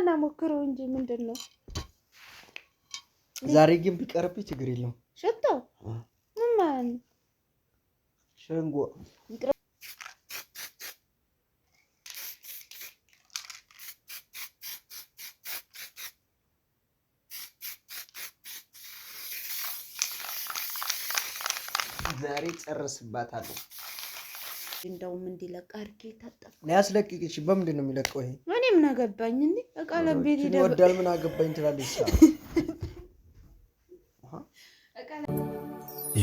እና ሞክረው እንጂ ምንድን ነው? ዛሬ ግን ቢቀርብ ችግር የለውም። ሽቶ ምን ሸንጎ ዛሬ ጨርስባታለሁ። እንደውም እንዲለቅ አድርጌ ታጠፍ ያስለቅቅሽ። በምንድን ነው የሚለቀው? ይሄ እኔ ምን አገባኝ? እንዲ እቃ ለቤት ይወዳል። ምን አገባኝ ትላለች።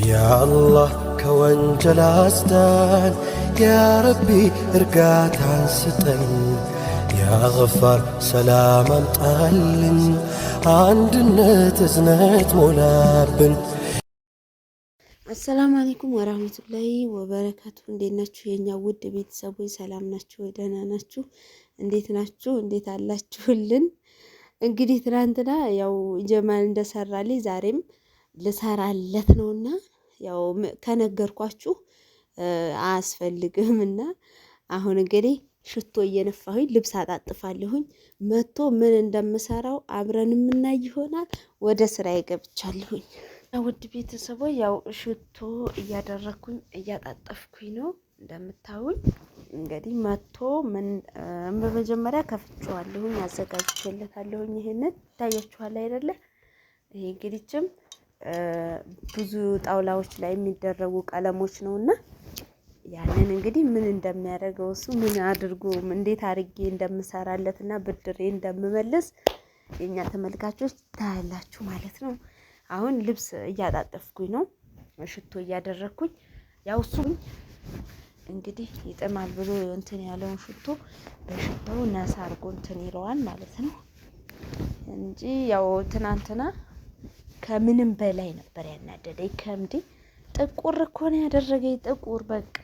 ያአላህ ከወንጀል አስዳን፣ ያረቢ እርጋታን ስጠን፣ ያገፋር ሰላም አምጣልን፣ አንድነት እዝነት ሞላብን አሰላሙ አለይኩም ወራህመቱላሂ ወበረካቱ። እንዴት ናችሁ የኛ ውድ ቤተሰቦች? ሰላም ናችሁ? ደህና ናችሁ? እንዴት ናችሁ? እንዴት አላችሁልን? እንግዲህ ትናንትና ያው ጀማል እንደሰራልኝ ዛሬም ልሰራለት ነውና ያው ከነገርኳችሁ አያስፈልግም እና አሁን እንግዲህ ሽቶ እየነፋሁኝ ልብስ አጣጥፋለሁኝ። መቶ ምን እንደምሰራው አብረን የምናይ ይሆናል። ወደ ስራ ገብቻለሁኝ። ውድ ቤተሰቦ ያው ሽቶ እያደረግኩኝ እያጣጠፍኩኝ ነው እንደምታዩኝ። እንግዲህ መቶ ምን በመጀመሪያ ከፍቼዋለሁኝ አዘጋጅቼለታለሁኝ። ይሄንን ይታያችኋል አይደለ? ይሄ እንግዲችም ብዙ ጣውላዎች ላይ የሚደረጉ ቀለሞች ነው እና ያንን እንግዲህ ምን እንደሚያደርገው እሱ ምን አድርጎ እንዴት አድርጌ እንደምሰራለት እና ብድሬ እንደምመልስ የእኛ ተመልካቾች ታያላችሁ ማለት ነው። አሁን ልብስ እያጣጠፍኩኝ ነው፣ ሽቶ እያደረግኩኝ ያው እሱም እንግዲህ ይጥማል ብሎ እንትን ያለውን ሽቶ በሽታው ነሳ አድርጎ እንትን ይለዋል ማለት ነው እንጂ ያው ትናንትና ከምንም በላይ ነበር ያናደደኝ። ከምዴ ጥቁር እኮ ነው ያደረገኝ። ጥቁር በቃ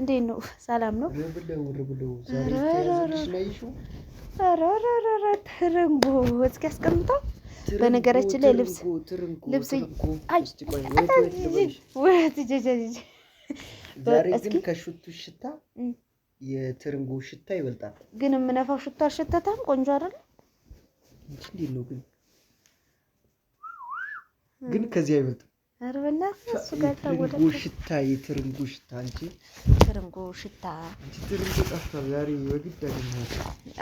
እንዴት ነው? ሰላም ነው? ትርንጎ እዚህ ያስቀምጠው። በነገራችን ላይ ልብስ ልብስ ግን ከሽቱ ሽታ የትርንጎ ሽታ ይበልጣል። ግን የምነፋው ሽታ አልሸተተም። ቆንጆ አይደል? እንዴት ነው ግን ግን ከዚህ አይበልጥም ኧረ ሽታ የትርንጎ ሽታ አንቺ ትርንጎ ሽታ አንቺ ትርንጎ ጠፍቷል። ዛሬ በግድ አገኘሁት።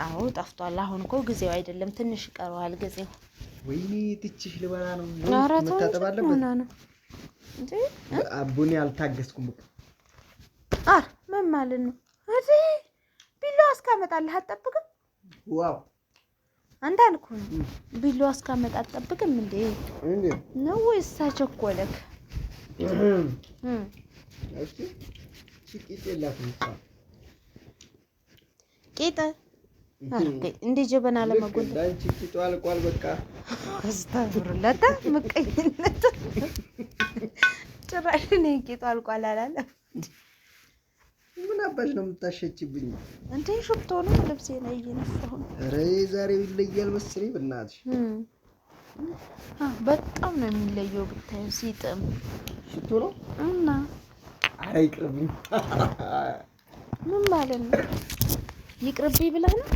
አዎ ጠፍቷል። አሁን እኮ ጊዜው አይደለም፣ ትንሽ ይቀረዋል ጊዜው። ወይኔ ትችሽ ልበላ ነው። ኧረ ተው እንጂ ነው እንጂ አልታገስኩም። አር ኧረ ምን ማለት ነው? እዚህ ቢላዋ እስካመጣልህ አትጠብቅም? ዋው አንዳልኩህ ቢሉ እስካመጣ አትጠብቅም እንዴ ነው ወይስ አቸኮለክ? ቄጠ እንደ ጀበና ለመጎል ቂጡ ምቀኝነት ጭራሽ ቂጡ አልቋል አላለም። ምን አባሽ ነው የምታሸችብኝ? እንደ ሽቶ ነው ልብሴ ነው እየነፋሁ። ኧረ ዛሬው ይለያል መሰለኝ። በእናትሽ በጣም ነው የሚለየው። ብታዩ ሲጥም ሽቶ ነው እና አይቅርብኝ። ምን ማለት ነው ይቅርብኝ ብለህ ነው?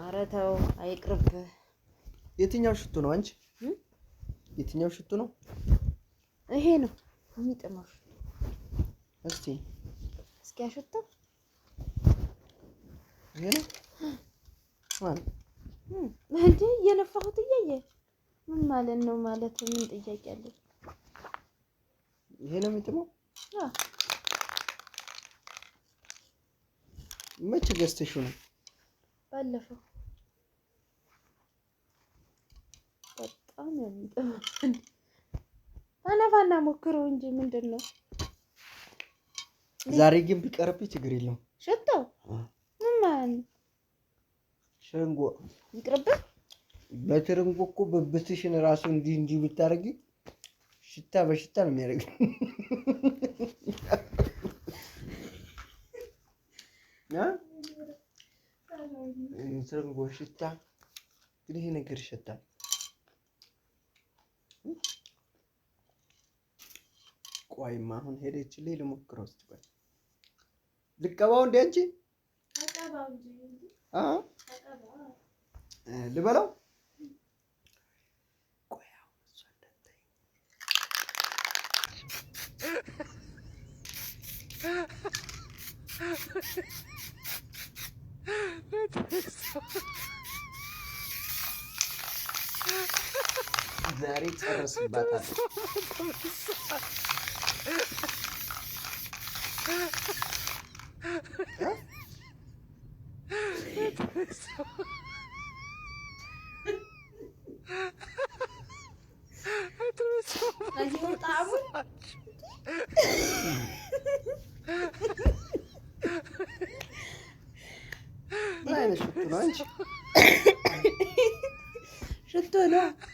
ኧረ ተው አይቅርብህ። የትኛው ሽቶ ነው አንቺ? የትኛው ሽቶ ነው? ይሄ ነው የሚጥመው እስቲ እስኪ አሸተው እንደ እየነፋሁት እያየ ምን ማለት ነው? ማለት ምን ጥያቄ አለ? ይሄ ነው የሚጥመው። መቼ ገዝተሽው ነው? ባለፈው በጣም የሚጥመው። ተነፋና ሞክረው እንጂ ምንድን ነው? ዛሬ ግን ቢቀርብ ችግር የለም። ሽቶ ምን ሸንጎ ይቅርብህ። በትርንጎ እኮ ብብትሽን ራሱ እንዲህ እንዲህ ብታደርጊ ሽታ በሽታ ነው የሚያደርግ። ትርንጎ ሽታ ይሄ ነገር ይሸታል። ቆይማ አሁን ሄደችልኝ ልሞክረው እስኪ በል ልቀባው እንዴ አንቺ ልበለው ዛሬ ጨርስባታል። Mas não tava. Tá tá não é, né? Chaturante? É? Chaturante.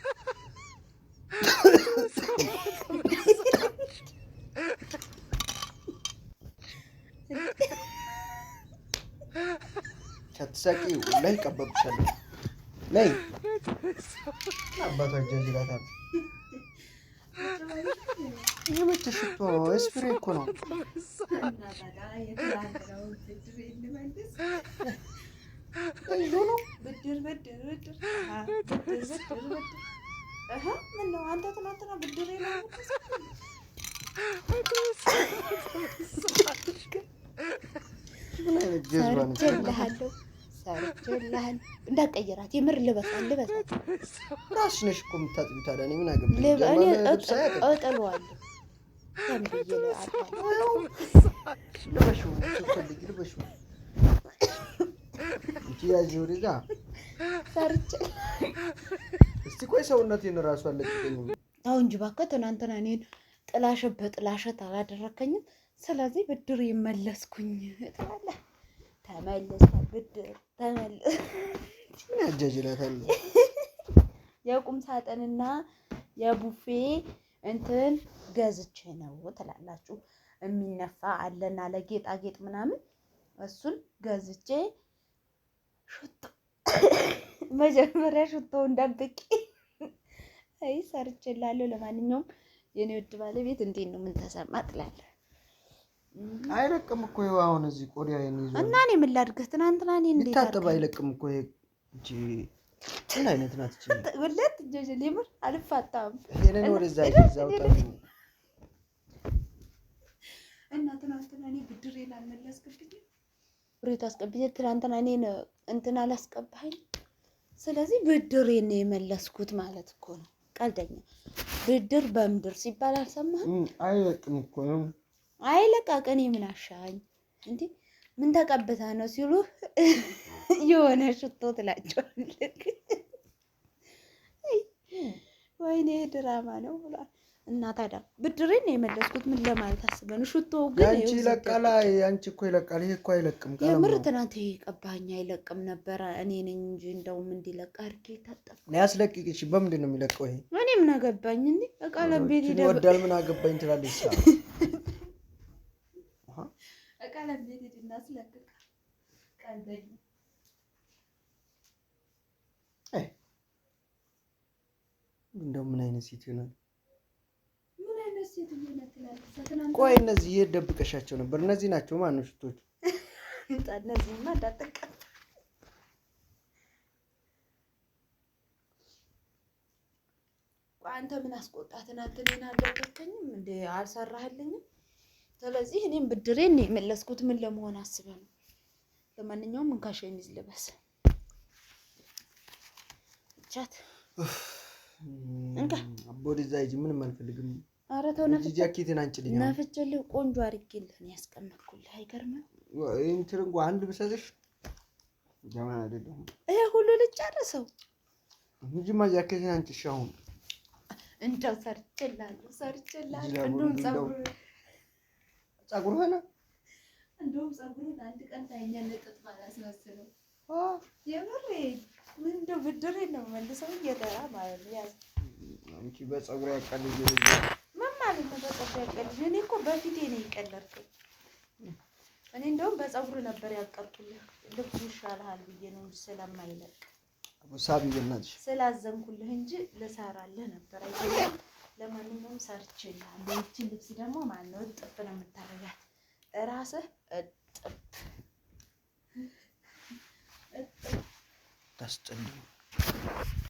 ከተሳቂ ላይ ቀበብሻለሁ። ነይ አባቷ እጃ ይላታል። የመች ሽቶ ስፕሬ እኮ ነው። ሰርቼልሃለሁ ሰርቼልሃል። እንዳትቀይራት፣ የምር ልበሳት ልበሳት። እራስሽ ነሽ እኮ የምታጥቢው። ታዲያ እኔ ምን አገባኝ? እጥለዋለሁ ሰውነቴን እራሱ አለቀኝ። አዎ እንጂ እባክህ ትናንትና እኔን ጥላሸት በጥላሸት አላደረከኝም፣ ስለዚህ ብድር ይመለስኩኝ ትላለህ። ተመልሰ ብድር ተመልሰ ያጃጅላታል። የቁም ሳጥንና የቡፌ እንትን ገዝቼ ነው ትላላችሁ። የሚነፋ አለና ለጌጣጌጥ ምናምን እሱን ገዝቼ ሽቶ መጀመሪያ ሽቶውን ደብቄ አይ ሰርችላለሁ። ለማንኛውም የኔ ውድ ባለቤት እንዴት ነው? ምን ተሰማ ትላለህ? አይለቅም እኮ ይኸው አሁን እዚህ ቆዳ እና እኔ ምን ላድርግህ? ትናንትና እኔ እንዴት ታጠብ አይለቅም እኮ ይሄ እንጂ ምን አይነት ናት እቺ? ወለት ጀጀ ሊምር አልፋታም። ሄለን ወደዛ ይዛው ታዲያ እና ትናንትና እኔ ብድሬን አልመለስክብኝም። ብሬት አስቀብዬ ትናንትና እኔን እንትን አላስቀባኸኝ። ስለዚህ ብድሬን ነው የመለስኩት ማለት እኮ ነው። ቀልደኛ ብድር በምድር ሲባል አልሰማህም? አይለቅም እኮ ነው። አይለቃቅ እኔ ምን አሻኝ እንዴ? ምን ተቀብታ ነው ሲሉ የሆነ ሽቶ ትላቸዋለህ። ወይኔ ድራማ ነው ብሏል። እና ታዲያ ብድሬን የመለስኩት ምን ለማለት አስበን። ሽቶ ግን ይለቃል። አንቺ እኮ ይለቃል። ይሄ እኮ አይለቅም። የምር ትናንት ይሄ ቀባኛ አይለቅም ነበረ። እኔ ነኝ እንጂ እንደውም እንዲለቅ አድርጌ ታጠፍኩ። ያስለቅቅሽ በምንድን ነው የሚለቀው? ይሄ እኔ ምን አገባኝ? እንዲ እቃለም ቤት ሄደ ወዳል። ምን አገባኝ ትላለች። እቃለም ቤት ሄድና ስለቅቅ እንደው ምን አይነት ሴት ይሆናል? ቆይ እነዚህ የት ደብቀሻቸው ነበር? እነዚህ ናቸው ማነው ሽቶቹ? እነዚህማ እንዳጠቃ አንተ ምን አስቆጣ? ትናንትና አልደበቀኝም እንደ አልሰራህልኝም። ስለዚህ እኔም ብድሬ እኔ የመለስኩት ምን ለመሆን አስበ ነው። ለማንኛውም እንካ ሸሚዝ ልበስ ቻት እንካ። ወደዛ ሂጂ፣ ምንም አልፈልግም። ኧረ ተው ነፍቼልህ ቆንጆ አድርጌልህ ነው ያስቀመጥኩልህ። አይገርምም? እንትን እንኳን አንድ ብሰጥሽ ጀማን አይደለም። ይሄ ሁሉ ልጨርሰው ምጅማ ጃኬቴን አንጭሽ አሁን እንደው ሰርቼልሃለሁ፣ ሰርቼልሃለሁ። እንደውም ፀጉርህ ፀጉርህን እንደውም ፀጉርህን አንድ ቀን ታይኛለህ። ጥጥ ባላስመስለው የምሬ ምን እንደው ብድሬን ነው መልሰው እየጠራ ማለት ነው። ያዝ አንቺ በፀጉር ያቃልል ማለት ተፈጥሮ ያቀልሽ እኔ እኮ በፊቴ ነው የቀለድኩኝ። እኔ እንደውም በፀጉር ነበር ያቀልኩልህ። ልብሱ ይሻልሃል ብዬ ነው እንጂ ስለማይለቅ ስላዘንኩልህ እንጂ ልሰራልህ ነበር አይደለም። ለማንኛውም ሰርችልሃለሁ። ይቺ ልብስ ደግሞ ማነው ነው እጥፍ ነው የምታደርጋት እራስህ እጥፍ እጥፍ